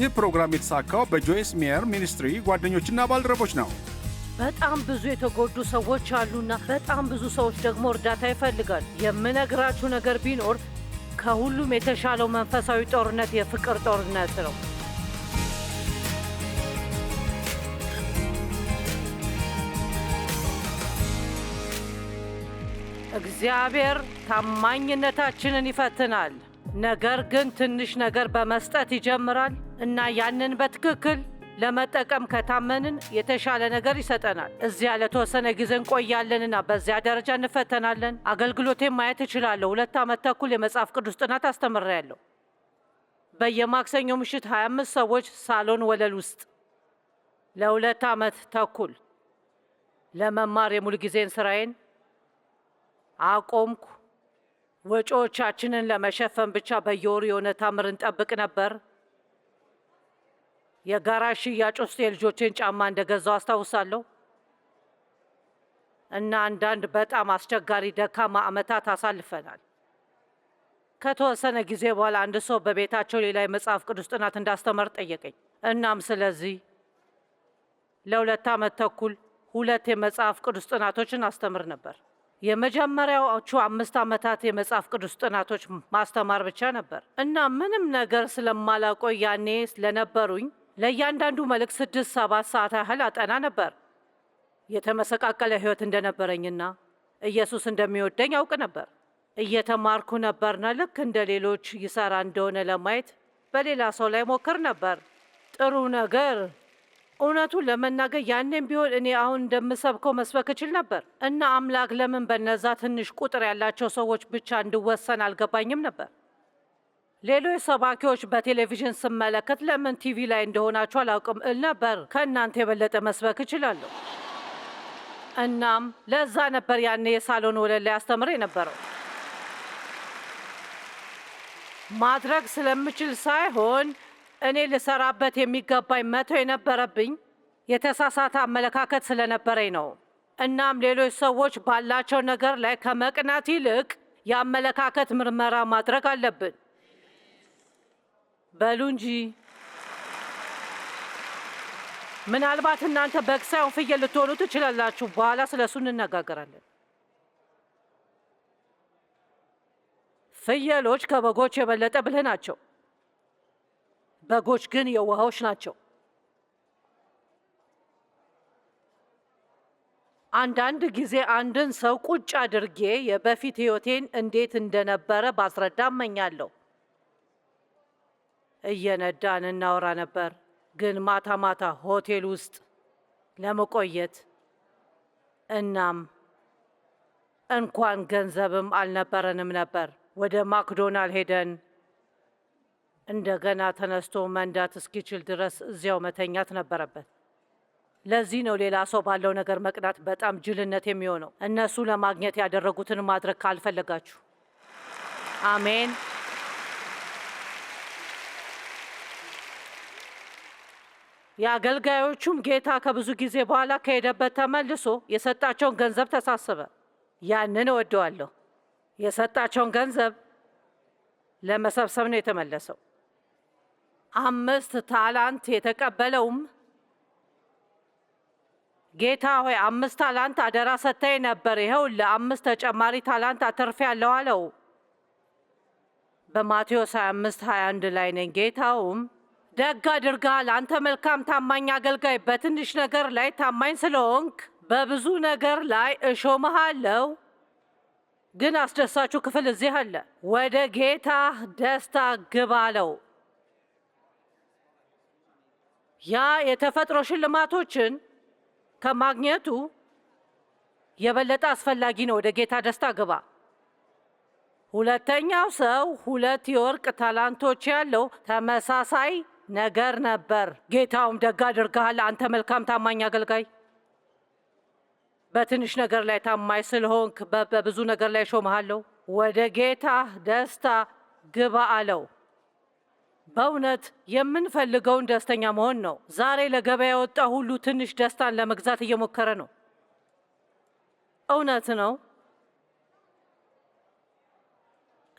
ይህ ፕሮግራም የተሳካው በጆይስ ሚየር ሚኒስትሪ ጓደኞችና ባልደረቦች ነው። በጣም ብዙ የተጎዱ ሰዎች አሉና በጣም ብዙ ሰዎች ደግሞ እርዳታ ይፈልጋል። የምነግራችሁ ነገር ቢኖር ከሁሉም የተሻለው መንፈሳዊ ጦርነት የፍቅር ጦርነት ነው። እግዚአብሔር ታማኝነታችንን ይፈትናል፣ ነገር ግን ትንሽ ነገር በመስጠት ይጀምራል። እና ያንን በትክክል ለመጠቀም ከታመንን የተሻለ ነገር ይሰጠናል። እዚያ ለተወሰነ ጊዜ እንቆያለንና በዚያ ደረጃ እንፈተናለን። አገልግሎቴን ማየት እችላለሁ። ሁለት ዓመት ተኩል የመጽሐፍ ቅዱስ ጥናት አስተምሬያለሁ። በየማክሰኞ ምሽት 25 ሰዎች ሳሎን ወለል ውስጥ ለሁለት ዓመት ተኩል ለመማር የሙሉ ጊዜን ስራዬን አቆምኩ። ወጪዎቻችንን ለመሸፈን ብቻ በየወሩ የሆነ ታምር እንጠብቅ ነበር። የጋራ ሽያጭ ውስጥ የልጆችን ጫማ እንደገዛው አስታውሳለሁ እና አንዳንድ በጣም አስቸጋሪ ደካማ ዓመታት አሳልፈናል። ከተወሰነ ጊዜ በኋላ አንድ ሰው በቤታቸው ሌላ የመጽሐፍ ቅዱስ ጥናት እንዳስተምር ጠየቀኝ። እናም ስለዚህ ለሁለት ዓመት ተኩል ሁለት የመጽሐፍ ቅዱስ ጥናቶችን አስተምር ነበር። የመጀመሪያዎቹ አምስት ዓመታት የመጽሐፍ ቅዱስ ጥናቶች ማስተማር ብቻ ነበር እና ምንም ነገር ስለማላውቀው ያኔ ለነበሩኝ ለእያንዳንዱ መልእክት ስድስት ሰባት ሰዓት ያህል አጠና ነበር። የተመሰቃቀለ ሕይወት እንደነበረኝና ኢየሱስ እንደሚወደኝ አውቅ ነበር። እየተማርኩ ነበርና ልክ እንደ ሌሎች ይሰራ እንደሆነ ለማየት በሌላ ሰው ላይ ሞክር ነበር። ጥሩ ነገር እውነቱን ለመናገር ያኔም ቢሆን እኔ አሁን እንደምሰብከው መስበክ እችል ነበር እና አምላክ ለምን በነዛ ትንሽ ቁጥር ያላቸው ሰዎች ብቻ እንድወሰን አልገባኝም ነበር። ሌሎች ሰባኪዎች በቴሌቪዥን ስመለከት ለምን ቲቪ ላይ እንደሆናችሁ አላውቅም እል ነበር። ከእናንተ የበለጠ መስበክ እችላለሁ። እናም ለዛ ነበር ያኔ የሳሎን ወለል ላይ አስተምር የነበረው ማድረግ ስለምችል ሳይሆን እኔ ልሰራበት የሚገባኝ መተው የነበረብኝ የተሳሳተ አመለካከት ስለነበረኝ ነው። እናም ሌሎች ሰዎች ባላቸው ነገር ላይ ከመቅናት ይልቅ የአመለካከት ምርመራ ማድረግ አለብን። በሉ እንጂ ምናልባት እናንተ በግ ሳይሆን ፍየል ልትሆኑ ትችላላችሁ። በኋላ ስለ እሱ እንነጋገራለን። ፍየሎች ከበጎች የበለጠ ብልህ ናቸው። በጎች ግን የዋሆች ናቸው። አንዳንድ ጊዜ አንድን ሰው ቁጭ አድርጌ የበፊት ሕይወቴን እንዴት እንደነበረ ባስረዳ እመኛለሁ። እየነዳን እናወራ ነበር። ግን ማታ ማታ ሆቴል ውስጥ ለመቆየት እናም እንኳን ገንዘብም አልነበረንም ነበር። ወደ ማክዶናል ሄደን እንደገና ተነስቶ መንዳት እስኪችል ድረስ እዚያው መተኛት ነበረበት። ለዚህ ነው ሌላ ሰው ባለው ነገር መቅናት በጣም ጅልነት የሚሆነው። እነሱ ለማግኘት ያደረጉትን ማድረግ ካልፈለጋችሁ። አሜን። የአገልጋዮቹም ጌታ ከብዙ ጊዜ በኋላ ከሄደበት ተመልሶ የሰጣቸውን ገንዘብ ተሳሰበ። ያንን እወደዋለሁ። የሰጣቸውን ገንዘብ ለመሰብሰብ ነው የተመለሰው። አምስት ታላንት የተቀበለውም ጌታ ሆይ አምስት ታላንት አደራ ሰጥተኸኝ ነበር፣ ይኸው ለአምስት ተጨማሪ ታላንት አተርፌያለሁ አለው። በማቴዎስ 25 21 ላይ ነኝ። ጌታውም ደግ አድርጋል! አንተ መልካም ታማኝ አገልጋይ፣ በትንሽ ነገር ላይ ታማኝ ስለሆንክ በብዙ ነገር ላይ እሾምሃለሁ። ግን አስደሳችሁ ክፍል እዚህ አለ። ወደ ጌታህ ደስታ ግባ አለው። ያ የተፈጥሮ ሽልማቶችን ከማግኘቱ የበለጠ አስፈላጊ ነው። ወደ ጌታ ደስታ ግባ። ሁለተኛው ሰው ሁለት የወርቅ ታላንቶች ያለው ተመሳሳይ ነገር ነበር። ጌታውም ደግ አድርገሃል፣ አንተ መልካም ታማኝ አገልጋይ። በትንሽ ነገር ላይ ታማኝ ስለሆንክ በብዙ ነገር ላይ ሾመሃለሁ፣ ወደ ጌታ ደስታ ግባ አለው። በእውነት የምንፈልገውን ደስተኛ መሆን ነው። ዛሬ ለገበያ የወጣ ሁሉ ትንሽ ደስታን ለመግዛት እየሞከረ ነው። እውነት ነው።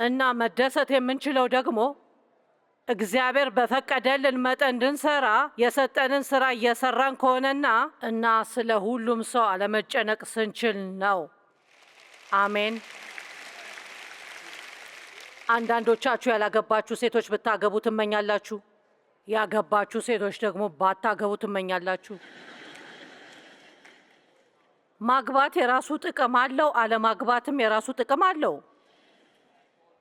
እና መደሰት የምንችለው ደግሞ እግዚአብሔር በፈቀደልን መጠን እንድንሰራ የሰጠንን ስራ እየሰራን ከሆነና እና ስለ ሁሉም ሰው አለመጨነቅ ስንችል ነው። አሜን። አንዳንዶቻችሁ ያላገባችሁ ሴቶች ብታገቡ ትመኛላችሁ። ያገባችሁ ሴቶች ደግሞ ባታገቡ ትመኛላችሁ። ማግባት የራሱ ጥቅም አለው፣ አለማግባትም የራሱ ጥቅም አለው።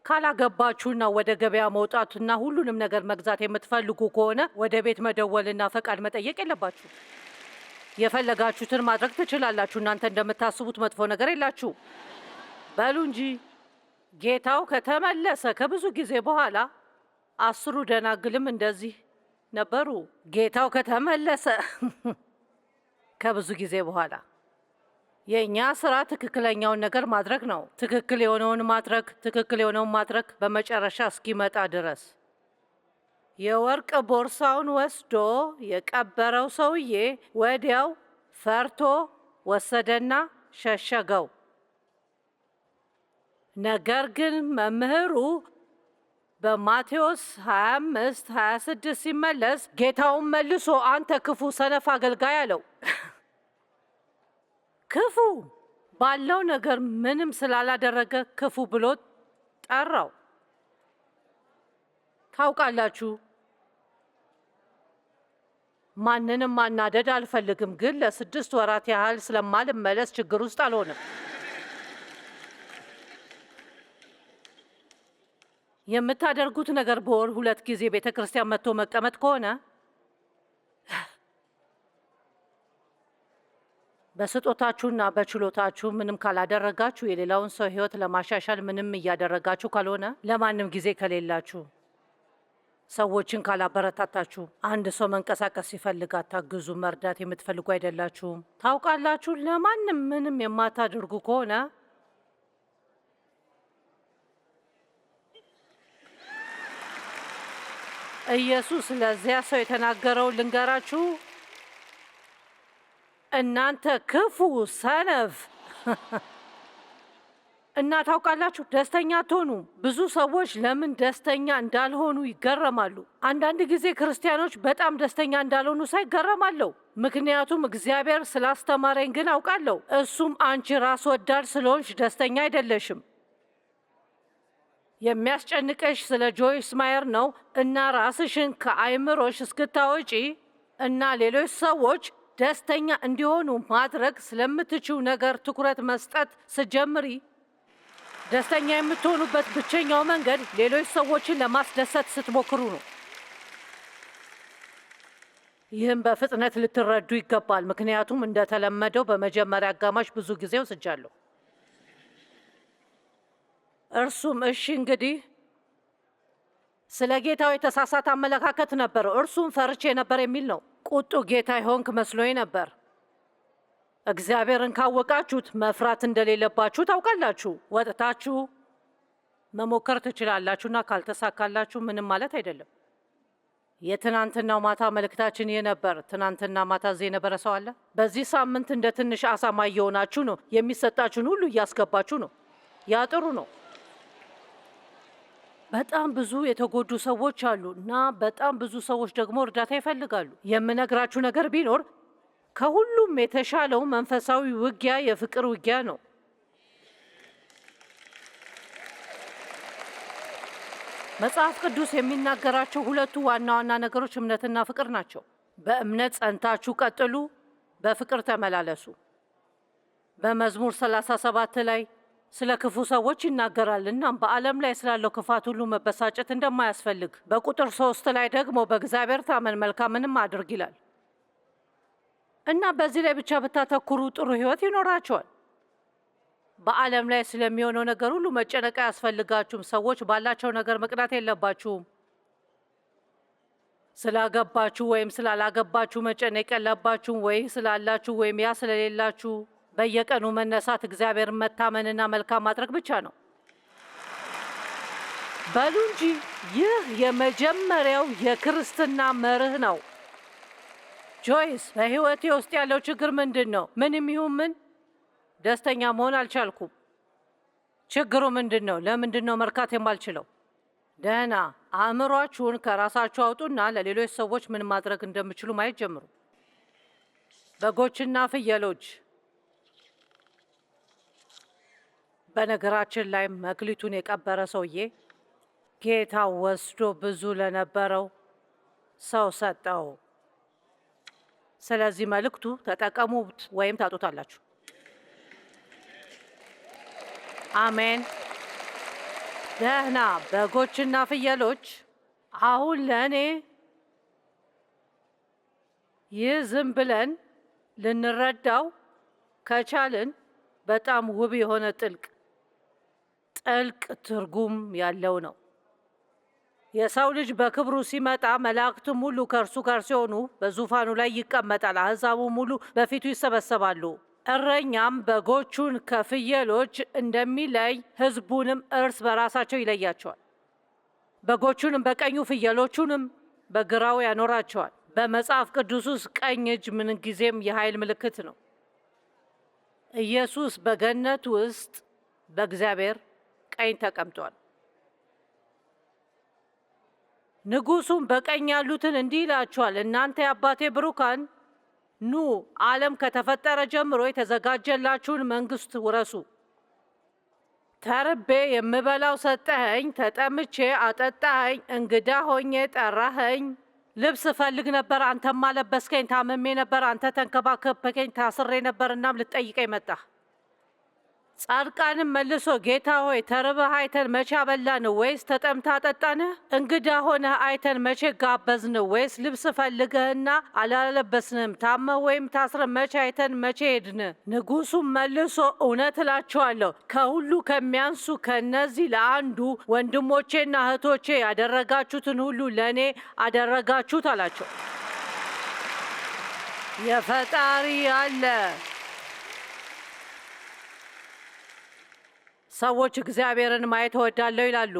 ካላገባችሁና ወደ ገበያ መውጣትና ሁሉንም ነገር መግዛት የምትፈልጉ ከሆነ ወደ ቤት መደወልና ፈቃድ መጠየቅ የለባችሁ። የፈለጋችሁትን ማድረግ ትችላላችሁ። እናንተ እንደምታስቡት መጥፎ ነገር የላችሁ። በሉ እንጂ ጌታው ከተመለሰ ከብዙ ጊዜ በኋላ አስሩ ደናግልም እንደዚህ ነበሩ። ጌታው ከተመለሰ ከብዙ ጊዜ በኋላ የእኛ ስራ ትክክለኛውን ነገር ማድረግ ነው። ትክክል የሆነውን ማድረግ ትክክል የሆነውን ማድረግ በመጨረሻ እስኪመጣ ድረስ። የወርቅ ቦርሳውን ወስዶ የቀበረው ሰውዬ ወዲያው ፈርቶ ወሰደና ሸሸገው። ነገር ግን መምህሩ በማቴዎስ 25 26 ሲመለስ ጌታውን መልሶ አንተ ክፉ ሰነፍ አገልጋይ አለው። ክፉ ባለው ነገር ምንም ስላላደረገ ክፉ ብሎ ጠራው። ታውቃላችሁ ማንንም ማናደድ አልፈልግም፣ ግን ለስድስት ወራት ያህል ስለማልመለስ ችግር ውስጥ አልሆንም። የምታደርጉት ነገር በወር ሁለት ጊዜ ቤተ ክርስቲያን መጥቶ መቀመጥ ከሆነ በስጦታችሁና በችሎታችሁ ምንም ካላደረጋችሁ የሌላውን ሰው ህይወት ለማሻሻል ምንም እያደረጋችሁ ካልሆነ ለማንም ጊዜ ከሌላችሁ ሰዎችን ካላበረታታችሁ አንድ ሰው መንቀሳቀስ ሲፈልግ አታግዙ። መርዳት የምትፈልጉ አይደላችሁም። ታውቃላችሁ፣ ለማንም ምንም የማታደርጉ ከሆነ ኢየሱስ ለዚያ ሰው የተናገረው ልንገራችሁ። እናንተ ክፉ ሰነፍ እና ታውቃላችሁ፣ ደስተኛ አትሆኑ። ብዙ ሰዎች ለምን ደስተኛ እንዳልሆኑ ይገረማሉ። አንዳንድ ጊዜ ክርስቲያኖች በጣም ደስተኛ እንዳልሆኑ ሳይገረማለሁ፣ ምክንያቱም እግዚአብሔር ስላስተማረኝ ግን አውቃለሁ። እሱም አንቺ ራስ ወዳድ ስለሆንሽ ደስተኛ አይደለሽም። የሚያስጨንቀሽ ስለ ጆይስ ማየር ነው እና ራስሽን ከአይምሮሽ እስክታወጪ እና ሌሎች ሰዎች ደስተኛ እንዲሆኑ ማድረግ ስለምትችው ነገር ትኩረት መስጠት ስጀምሪ ደስተኛ የምትሆኑበት ብቸኛው መንገድ ሌሎች ሰዎችን ለማስደሰት ስትሞክሩ ነው። ይህም በፍጥነት ልትረዱ ይገባል፣ ምክንያቱም እንደተለመደው በመጀመሪያ አጋማሽ ብዙ ጊዜ ወስጃለሁ። እርሱም እሺ እንግዲህ ስለ ጌታው የተሳሳተ አመለካከት ነበር። እርሱም ፈርቼ ነበር የሚል ነው። ቁጡ ጌታ ይሆንክ መስሎኝ ነበር። እግዚአብሔርን ካወቃችሁት መፍራት እንደሌለባችሁ ታውቃላችሁ። ወጥታችሁ መሞከር ትችላላችሁና ካልተሳካላችሁ ምንም ማለት አይደለም። የትናንትናው ማታ መልእክታችን ይህ ነበር። ትናንትና ማታ እዚህ የነበረ ሰው አለ? በዚህ ሳምንት እንደ ትንሽ አሳማ እየሆናችሁ ነው። የሚሰጣችሁን ሁሉ እያስገባችሁ ነው። ያ ጥሩ ነው። በጣም ብዙ የተጎዱ ሰዎች አሉ እና በጣም ብዙ ሰዎች ደግሞ እርዳታ ይፈልጋሉ። የምነግራችሁ ነገር ቢኖር ከሁሉም የተሻለው መንፈሳዊ ውጊያ የፍቅር ውጊያ ነው። መጽሐፍ ቅዱስ የሚናገራቸው ሁለቱ ዋና ዋና ነገሮች እምነትና ፍቅር ናቸው። በእምነት ጸንታችሁ ቀጥሉ፣ በፍቅር ተመላለሱ። በመዝሙር 37 ላይ ስለ ክፉ ሰዎች ይናገራል። እናም በዓለም ላይ ስላለው ክፋት ሁሉ መበሳጨት እንደማያስፈልግ፣ በቁጥር ሶስት ላይ ደግሞ በእግዚአብሔር ታመን መልካምንም አድርግ ይላል እና በዚህ ላይ ብቻ ብታተኩሩ ጥሩ ህይወት ይኖራቸዋል። በዓለም ላይ ስለሚሆነው ነገር ሁሉ መጨነቅ አያስፈልጋችሁም። ሰዎች ባላቸው ነገር መቅናት የለባችሁም። ስላገባችሁ ወይም ስላላገባችሁ መጨነቅ የለባችሁም፣ ወይ ስላላችሁ ወይም ያ ስለሌላችሁ በየቀኑ መነሳት እግዚአብሔርን መታመንና መልካም ማድረግ ብቻ ነው። በሉ እንጂ ይህ የመጀመሪያው የክርስትና መርህ ነው። ጆይስ፣ በህይወቴ ውስጥ ያለው ችግር ምንድን ነው? ምንም ይሁን ምን ደስተኛ መሆን አልቻልኩም። ችግሩ ምንድን ነው? ለምንድን ነው መርካት የማልችለው? ደህና፣ አእምሯችሁን ከራሳችሁ አውጡና ለሌሎች ሰዎች ምን ማድረግ እንደምችሉ ማየት ጀምሩ። በጎችና ፍየሎች በነገራችን ላይ መክሊቱን የቀበረ ሰውዬ ጌታ ወስዶ ብዙ ለነበረው ሰው ሰጠው። ስለዚህ መልእክቱ ተጠቀሙት ወይም ታጡታላችሁ። አሜን። ደህና በጎችና ፍየሎች፣ አሁን ለእኔ ይህ ዝም ብለን ልንረዳው ከቻልን በጣም ውብ የሆነ ጥልቅ ጥልቅ ትርጉም ያለው ነው። የሰው ልጅ በክብሩ ሲመጣ መላእክትም ሁሉ ከእርሱ ጋር ሲሆኑ በዙፋኑ ላይ ይቀመጣል። አሕዛቡም ሁሉ በፊቱ ይሰበሰባሉ። እረኛም በጎቹን ከፍየሎች እንደሚለይ ሕዝቡንም እርስ በራሳቸው ይለያቸዋል። በጎቹንም በቀኙ ፍየሎቹንም በግራው ያኖራቸዋል። በመጽሐፍ ቅዱስ ውስጥ ቀኝ እጅ ምንጊዜም የኃይል ምልክት ነው። ኢየሱስ በገነት ውስጥ በእግዚአብሔር ቀኝ ተቀምጧል። ንጉሱም በቀኝ ያሉትን እንዲህ ይላቸዋል፣ እናንተ የአባቴ ብሩካን ኑ፣ ዓለም ከተፈጠረ ጀምሮ የተዘጋጀላችሁን መንግስት ውረሱ። ተርቤ የምበላው ሰጠኸኝ፣ ተጠምቼ አጠጣኸኝ፣ እንግዳ ሆኜ ጠራኸኝ፣ ልብስ እፈልግ ነበር አንተም አለበስከኝ፣ ታመሜ ነበር አንተ ተንከባከብከኝ፣ ታስሬ ነበር እናም ልትጠይቀኝ መጣህ። ጻድቃንም መልሶ ጌታ ሆይ ተርበህ አይተን መቼ አበላን ወይስ ተጠምታ አጠጣን? እንግዳ ሆነህ አይተን መቼ ጋበዝን ወይስ ልብስ ፈልገህና አላለበስንም? ታመ ወይም ታስረ መቼ አይተን መቼ ሄድን? ንጉሱም መልሶ እውነት እላችኋለሁ ከሁሉ ከሚያንሱ ከነዚህ ለአንዱ ወንድሞቼና እህቶቼ ያደረጋችሁትን ሁሉ ለእኔ አደረጋችሁት አላቸው። የፈጣሪ አለ ሰዎች እግዚአብሔርን ማየት እወዳለሁ ይላሉ።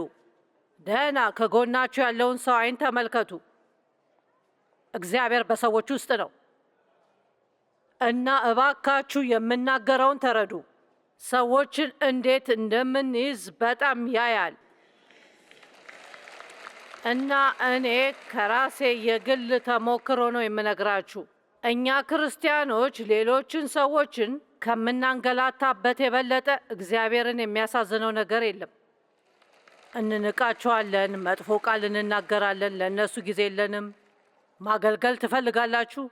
ደህና ከጎናችሁ ያለውን ሰው አይን ተመልከቱ። እግዚአብሔር በሰዎች ውስጥ ነው እና እባካችሁ የምናገረውን ተረዱ። ሰዎችን እንዴት እንደምንይዝ በጣም ያያል እና እኔ ከራሴ የግል ተሞክሮ ነው የምነግራችሁ። እኛ ክርስቲያኖች ሌሎችን ሰዎችን ከምናንገላታበት የበለጠ እግዚአብሔርን የሚያሳዝነው ነገር የለም። እንንቃቸዋለን፣ መጥፎ ቃል እንናገራለን፣ ለእነሱ ጊዜ የለንም። ማገልገል ትፈልጋላችሁ?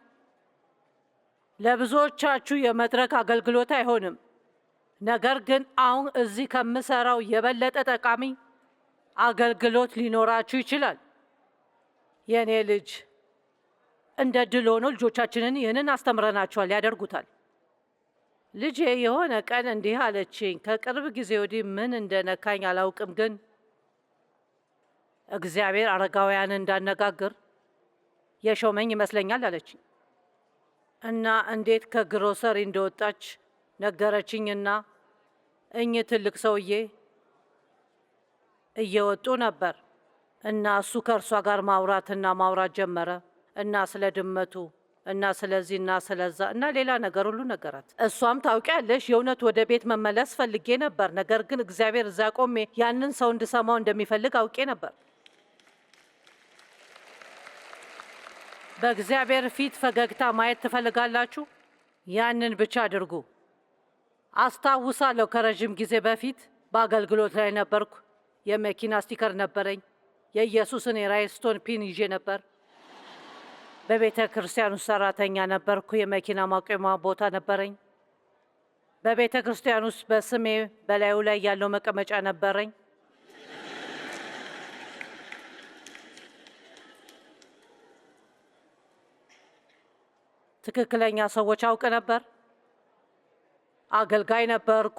ለብዙዎቻችሁ የመድረክ አገልግሎት አይሆንም። ነገር ግን አሁን እዚህ ከምሰራው የበለጠ ጠቃሚ አገልግሎት ሊኖራችሁ ይችላል። የእኔ ልጅ እንደ ድል ሆኖ ልጆቻችንን ይህንን አስተምረናቸዋል፣ ያደርጉታል። ልጄ የሆነ ቀን እንዲህ አለችኝ። ከቅርብ ጊዜ ወዲህ ምን እንደነካኝ አላውቅም፣ ግን እግዚአብሔር አረጋውያን እንዳነጋግር የሾመኝ ይመስለኛል አለችኝ እና እንዴት ከግሮሰሪ እንደወጣች ነገረችኝና እኚህ ትልቅ ሰውዬ እየወጡ ነበር እና እሱ ከእርሷ ጋር ማውራትና ማውራት ጀመረ እና ስለ ድመቱ እና ስለዚህ እና ስለዛ እና ሌላ ነገር ሁሉ ነገራት። እሷም ታውቂያለሽ፣ የእውነት ወደ ቤት መመለስ ፈልጌ ነበር፣ ነገር ግን እግዚአብሔር እዛ ቆሜ ያንን ሰው እንድሰማው እንደሚፈልግ አውቄ ነበር። በእግዚአብሔር ፊት ፈገግታ ማየት ትፈልጋላችሁ? ያንን ብቻ አድርጉ። አስታውሳለሁ፣ ከረዥም ጊዜ በፊት በአገልግሎት ላይ ነበርኩ። የመኪና ስቲከር ነበረኝ። የኢየሱስን የራይስቶን ፒን ይዤ ነበር። በቤተ ክርስቲያኑ ሰራተኛ ነበርኩ። የመኪና ማቆሚያ ቦታ ነበረኝ። በቤተ ክርስቲያን ውስጥ በስሜ በላዩ ላይ ያለው መቀመጫ ነበረኝ። ትክክለኛ ሰዎች አውቅ ነበር። አገልጋይ ነበርኩ።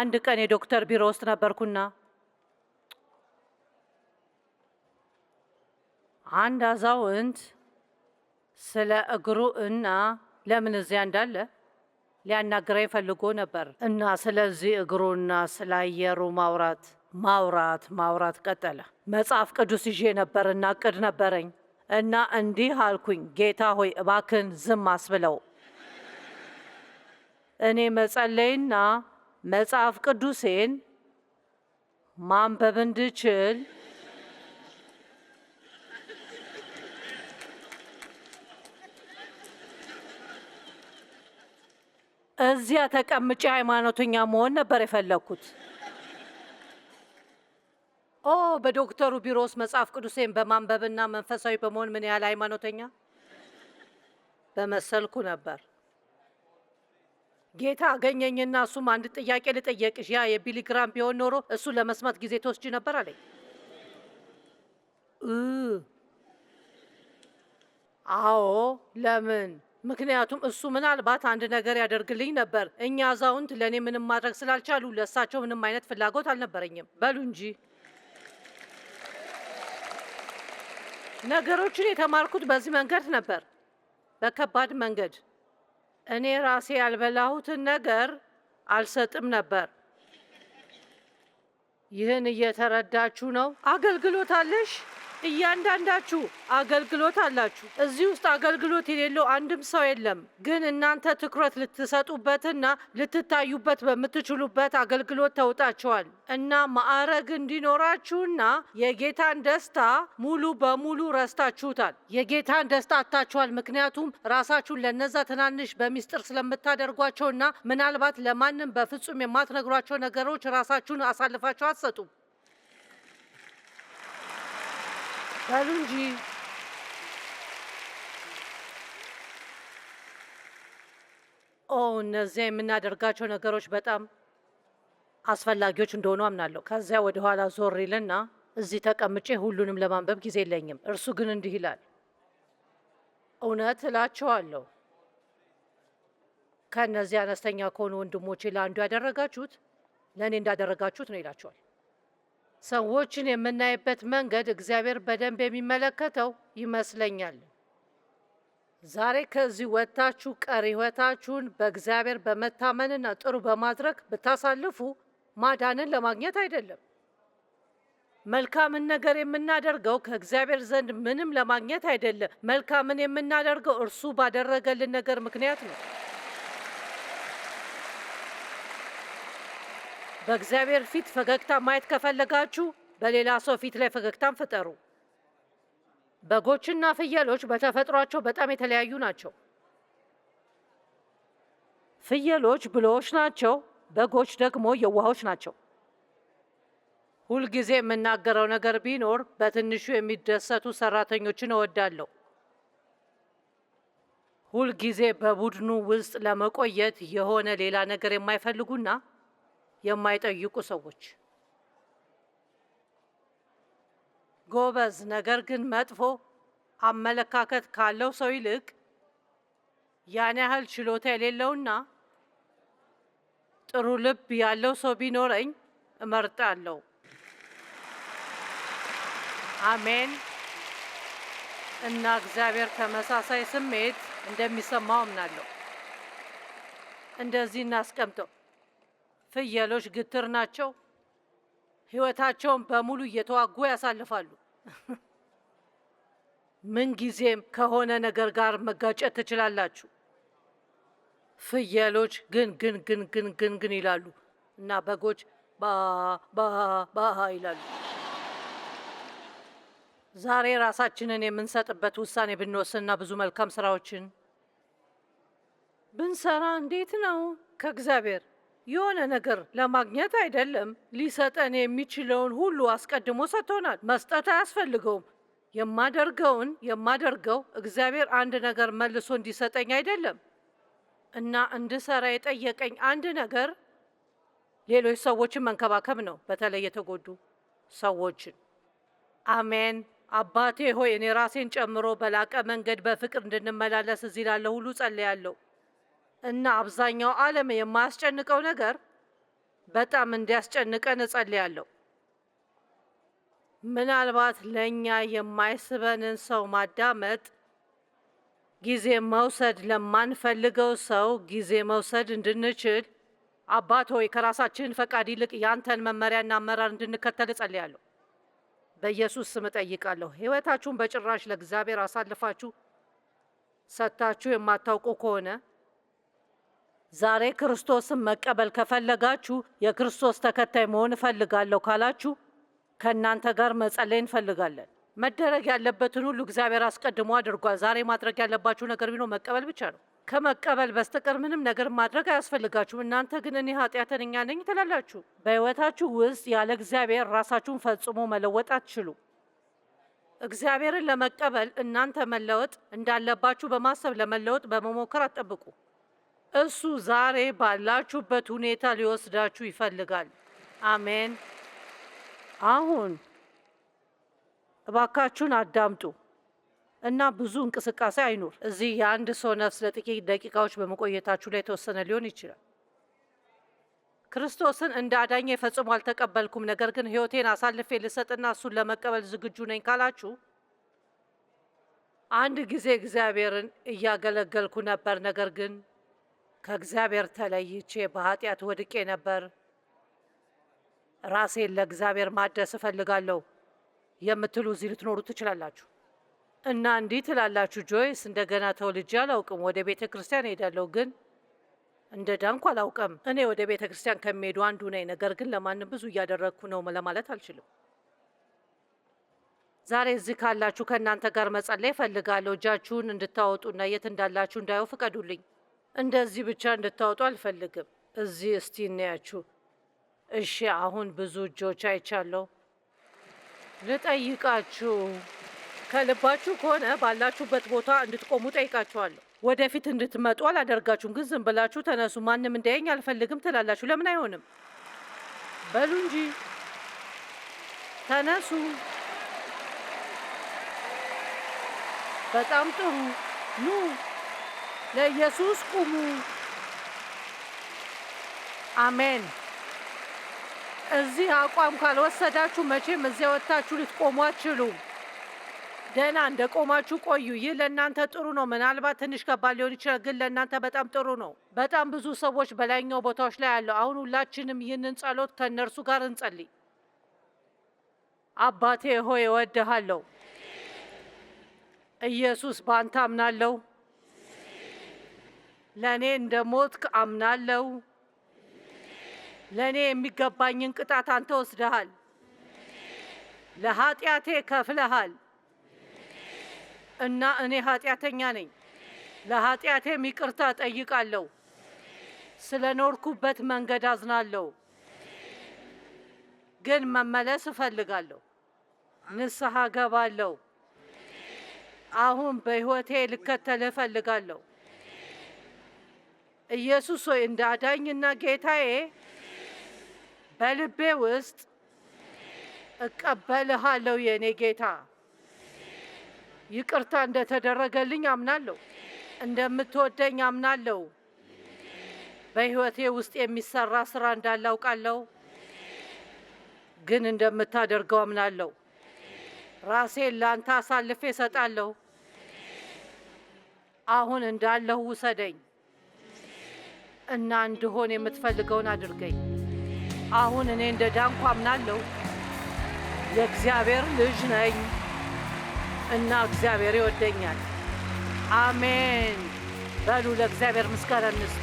አንድ ቀን የዶክተር ቢሮ ውስጥ ነበርኩና አንድ አዛውንት ስለ እግሩ እና ለምን እዚያ እንዳለ ሊያናግረኝ ፈልጎ ነበር እና ስለዚህ እግሩና ስለ አየሩ ማውራት ማውራት ማውራት ቀጠለ። መጽሐፍ ቅዱስ ይዤ ነበር እና እቅድ ነበረኝ እና እንዲህ አልኩኝ፣ ጌታ ሆይ እባክን ዝም አስብለው። እኔ መጸለይና መጽሐፍ ቅዱሴን ማንበብ እንድችል እዚያ ተቀምጬ ሃይማኖተኛ መሆን ነበር የፈለግኩት። ኦ በዶክተሩ ቢሮ ውስጥ መጽሐፍ ቅዱሴን በማንበብና መንፈሳዊ በመሆን ምን ያህል ሃይማኖተኛ በመሰልኩ ነበር። ጌታ አገኘኝና እሱም አንድ ጥያቄ ልጠየቅሽ፣ ያ የቢሊግራም ቢሆን ኖሮ እሱ ለመስማት ጊዜ ትወስጂ ነበር አለኝ። አዎ ለምን? ምክንያቱም እሱ ምናልባት አንድ ነገር ያደርግልኝ ነበር። እኛ አዛውንት ለእኔ ምንም ማድረግ ስላልቻሉ ለእሳቸው ምንም አይነት ፍላጎት አልነበረኝም። በሉ እንጂ ነገሮችን የተማርኩት በዚህ መንገድ ነበር፣ በከባድ መንገድ። እኔ ራሴ ያልበላሁትን ነገር አልሰጥም ነበር። ይህን እየተረዳችሁ ነው? አገልግሎት አለሽ? እያንዳንዳችሁ አገልግሎት አላችሁ። እዚህ ውስጥ አገልግሎት የሌለው አንድም ሰው የለም። ግን እናንተ ትኩረት ልትሰጡበትና ልትታዩበት በምትችሉበት አገልግሎት ተውጣችኋል እና ማዕረግ እንዲኖራችሁና የጌታን ደስታ ሙሉ በሙሉ ረስታችሁታል። የጌታን ደስታ አታችኋል፣ ምክንያቱም ራሳችሁን ለነዛ ትናንሽ በሚስጥር ስለምታደርጓቸውና ምናልባት ለማንም በፍጹም የማትነግሯቸው ነገሮች ራሳችሁን አሳልፋችሁ አትሰጡም። በሉ ኦ እነዚያ የምናደርጋቸው ነገሮች በጣም አስፈላጊዎች እንደሆኑ አምናለሁ። ከዚያ ወደ ኋላ ዞር ይልና እዚህ ተቀምጬ ሁሉንም ለማንበብ ጊዜ የለኝም። እርሱ ግን እንዲህ ይላል፣ እውነት እላቸዋለሁ ከእነዚህ አነስተኛ ከሆኑ ወንድሞቼ ለአንዱ ያደረጋችሁት ለእኔ እንዳደረጋችሁት ነው ይላቸዋል። ሰዎችን የምናይበት መንገድ እግዚአብሔር በደንብ የሚመለከተው ይመስለኛል። ዛሬ ከዚህ ወጥታችሁ ቀሪ ሕይወታችሁን በእግዚአብሔር በመታመንና ጥሩ በማድረግ ብታሳልፉ ማዳንን ለማግኘት አይደለም። መልካምን ነገር የምናደርገው ከእግዚአብሔር ዘንድ ምንም ለማግኘት አይደለም። መልካምን የምናደርገው እርሱ ባደረገልን ነገር ምክንያት ነው። በእግዚአብሔር ፊት ፈገግታ ማየት ከፈለጋችሁ በሌላ ሰው ፊት ላይ ፈገግታን ፍጠሩ። በጎችና ፍየሎች በተፈጥሯቸው በጣም የተለያዩ ናቸው። ፍየሎች ብልሆች ናቸው፣ በጎች ደግሞ የዋሆች ናቸው። ሁልጊዜ የምናገረው ነገር ቢኖር በትንሹ የሚደሰቱ ሰራተኞችን እወዳለሁ። ሁልጊዜ በቡድኑ ውስጥ ለመቆየት የሆነ ሌላ ነገር የማይፈልጉና የማይጠይቁ ሰዎች ጎበዝ ነገር ግን መጥፎ አመለካከት ካለው ሰው ይልቅ ያን ያህል ችሎታ የሌለውና ጥሩ ልብ ያለው ሰው ቢኖረኝ እመርጣለሁ። አሜን። እና እግዚአብሔር ተመሳሳይ ስሜት እንደሚሰማው አምናለሁ። እንደዚህ እናስቀምጠው። ፍየሎች ግትር ናቸው። ህይወታቸውን በሙሉ እየተዋጉ ያሳልፋሉ። ምንጊዜም ከሆነ ነገር ጋር መጋጨት ትችላላችሁ። ፍየሎች ግን ግን ግን ግን ግን ግን ይላሉ እና በጎች ባባባሃ ይላሉ። ዛሬ ራሳችንን የምንሰጥበት ውሳኔ ብንወስንና ብዙ መልካም ስራዎችን ብንሰራ እንዴት ነው ከእግዚአብሔር የሆነ ነገር ለማግኘት አይደለም። ሊሰጠን የሚችለውን ሁሉ አስቀድሞ ሰጥቶናል። መስጠት አያስፈልገውም። የማደርገውን የማደርገው እግዚአብሔር አንድ ነገር መልሶ እንዲሰጠኝ አይደለም እና እንድሰራ የጠየቀኝ አንድ ነገር ሌሎች ሰዎችን መንከባከብ ነው፣ በተለይ የተጎዱ ሰዎችን። አሜን። አባቴ ሆይ እኔ ራሴን ጨምሮ በላቀ መንገድ በፍቅር እንድንመላለስ እዚህ ላለ ሁሉ ጸልያለሁ። እና አብዛኛው ዓለም የማያስጨንቀው ነገር በጣም እንዲያስጨንቀን እጸልያለሁ። ምናልባት ለእኛ የማይስበንን ሰው ማዳመጥ ጊዜ መውሰድ ለማንፈልገው ሰው ጊዜ መውሰድ እንድንችል አባት ሆይ ከራሳችን ፈቃድ ይልቅ ያንተን መመሪያና አመራር እንድንከተል እጸልያለሁ። በኢየሱስ ስም እጠይቃለሁ። ሕይወታችሁን በጭራሽ ለእግዚአብሔር አሳልፋችሁ ሰጥታችሁ የማታውቁ ከሆነ ዛሬ ክርስቶስን መቀበል ከፈለጋችሁ የክርስቶስ ተከታይ መሆን እፈልጋለሁ ካላችሁ ከእናንተ ጋር መጸለይ እንፈልጋለን። መደረግ ያለበትን ሁሉ እግዚአብሔር አስቀድሞ አድርጓል። ዛሬ ማድረግ ያለባችሁ ነገር ቢኖር መቀበል ብቻ ነው። ከመቀበል በስተቀር ምንም ነገር ማድረግ አያስፈልጋችሁም። እናንተ ግን እኔ ኃጢአተኛ ነኝ ትላላችሁ። በሕይወታችሁ ውስጥ ያለ እግዚአብሔር ራሳችሁን ፈጽሞ መለወጥ አትችሉ። እግዚአብሔርን ለመቀበል እናንተ መለወጥ እንዳለባችሁ በማሰብ ለመለወጥ በመሞከር አትጠብቁ። እሱ ዛሬ ባላችሁበት ሁኔታ ሊወስዳችሁ ይፈልጋል። አሜን። አሁን እባካችሁን አዳምጡ እና ብዙ እንቅስቃሴ አይኑር። እዚህ የአንድ ሰው ነፍስ ለጥቂት ደቂቃዎች በመቆየታችሁ ላይ የተወሰነ ሊሆን ይችላል። ክርስቶስን እንደ አዳኝ ፈጽሞ አልተቀበልኩም፣ ነገር ግን ሕይወቴን አሳልፌ ልሰጥና እሱን ለመቀበል ዝግጁ ነኝ ካላችሁ አንድ ጊዜ እግዚአብሔርን እያገለገልኩ ነበር፣ ነገር ግን ከእግዚአብሔር ተለይቼ በኃጢአት ወድቄ ነበር። ራሴን ለእግዚአብሔር ማደስ እፈልጋለሁ የምትሉ እዚህ ልትኖሩ ትችላላችሁ እና እንዲህ ትላላችሁ፣ ጆይስ እንደገና ተወልጄ አላውቅም፣ ወደ ቤተ ክርስቲያን ሄዳለሁ፣ ግን እንደ ዳንኩ አላውቅም። እኔ ወደ ቤተ ክርስቲያን ከሚሄዱ አንዱ ነኝ፣ ነገር ግን ለማንም ብዙ እያደረግኩ ነው ለማለት አልችልም። ዛሬ እዚህ ካላችሁ ከእናንተ ጋር መጸለይ እፈልጋለሁ። እጃችሁን እንድታወጡና የት እንዳላችሁ እንዳየው ፍቀዱልኝ። እንደዚህ ብቻ እንድታወጡ አልፈልግም። እዚህ እስቲ እናያችሁ። እሺ፣ አሁን ብዙ እጆች አይቻለሁ። ልጠይቃችሁ፣ ከልባችሁ ከሆነ ባላችሁበት ቦታ እንድትቆሙ ጠይቃችኋለሁ። ወደፊት እንድትመጡ አላደርጋችሁም፣ ግን ዝም ብላችሁ ተነሱ። ማንም እንዳየኝ አልፈልግም ትላላችሁ። ለምን አይሆንም? በሉ እንጂ ተነሱ። በጣም ጥሩ ኑ ለኢየሱስ ቁሙ። አሜን። እዚህ አቋም ካልወሰዳችሁ መቼም እዚያ ወጥታችሁ ልትቆሙ አትችሉም። ደህና እንደ ቆማችሁ ቆዩ። ይህ ለእናንተ ጥሩ ነው። ምናልባት ትንሽ ከባድ ሊሆን ይችላል፣ ግን ለእናንተ በጣም ጥሩ ነው። በጣም ብዙ ሰዎች በላይኛው ቦታዎች ላይ አለው። አሁን ሁላችንም ይህንን ጸሎት ከእነርሱ ጋር እንጸልይ። አባቴ ሆይ እወድሃለሁ። ኢየሱስ በአንተ አምናለሁ። ለእኔ እንደ ሞትክ አምናለሁ። ለእኔ የሚገባኝን ቅጣት አንተ ወስደሃል። ለኃጢአቴ ከፍለሃል እና እኔ ኃጢአተኛ ነኝ። ለኃጢአቴም ይቅርታ ጠይቃለሁ። ስለ ኖርኩበት መንገድ አዝናለሁ፣ ግን መመለስ እፈልጋለሁ። ንስሐ ገባለሁ። አሁን በሕይወቴ ልከተልህ እፈልጋለሁ። ኢየሱስ ሆይ እንደ አዳኝና ጌታዬ በልቤ ውስጥ እቀበልሃለሁ። የእኔ ጌታ ይቅርታ እንደተደረገልኝ አምናለሁ። እንደምትወደኝ አምናለሁ። በሕይወቴ ውስጥ የሚሰራ ስራ እንዳላውቃለሁ ግን እንደምታደርገው አምናለሁ። ራሴን ለአንተ አሳልፌ እሰጣለሁ። አሁን እንዳለሁ ውሰደኝ። እና እንድሆን የምትፈልገውን አድርገኝ። አሁን እኔ እንደ ዳንኳ አምናለሁ። የእግዚአብሔር ልጅ ነኝ እና እግዚአብሔር ይወደኛል። አሜን በሉ። ለእግዚአብሔር ምስጋና እንስጥ።